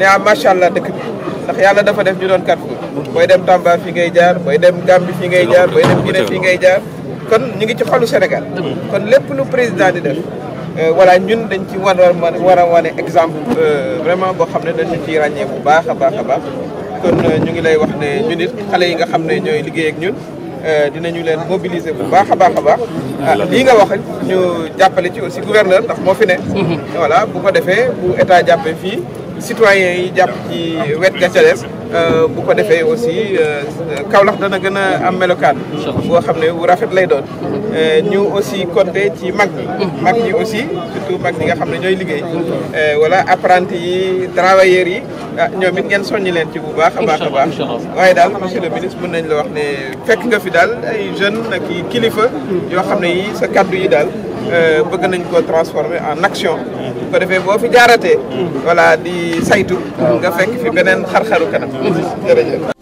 ne ah macha allah dëkk ndax yàlla dafa def ñu doon Carrefour booy dem Tamba fi ngay jaar booy dem Gambie fi ngay jaar booy dem ngay jaar kon ñu ngi ci xolu Sénégal kon lépp lu président di dem euh, voilà ñun dañ ci war a war a wane exemple euh, vraiment boo xam ne dañu ciy ràññee bu baax a baax a baax kon euh, ñu ngi lay wax ne ñun it xale yi nga xam ne ñooy liggéey ak ñun ñu leen mobiliser bu baax a baax a ah, lii nga wax ñu jàppale ci aussi gouverneur ndax moo fi ne mhm. voilà bu ko defee bu état jàppee fii citoyens yi japp ci wet euh bu ko défé aussi euh, euh, Kaolack dana gëna am melokaan bo xamné wu rafet lay doon euh ñu aussi compter ci mag ñi mag ñi aussi surtout mag ñi nga xamné ñoy liggéey euh wala apprenti yi travailleurs yi ah, ñom it ngeen soññi len ci bu baax a baax a baax waaye daal monsieur le ministre mën nañ la wax né fekk nga fi dal ay jeunes ak i kilifa yo xamné yi sa cadeau yi dal euh bëgg nañ ko transformer en action bu defee boo fi jaaratee. voilà di saytu. nga fekk fi beneen xar-xaru kanam. Mm-hmm. jërëjëf.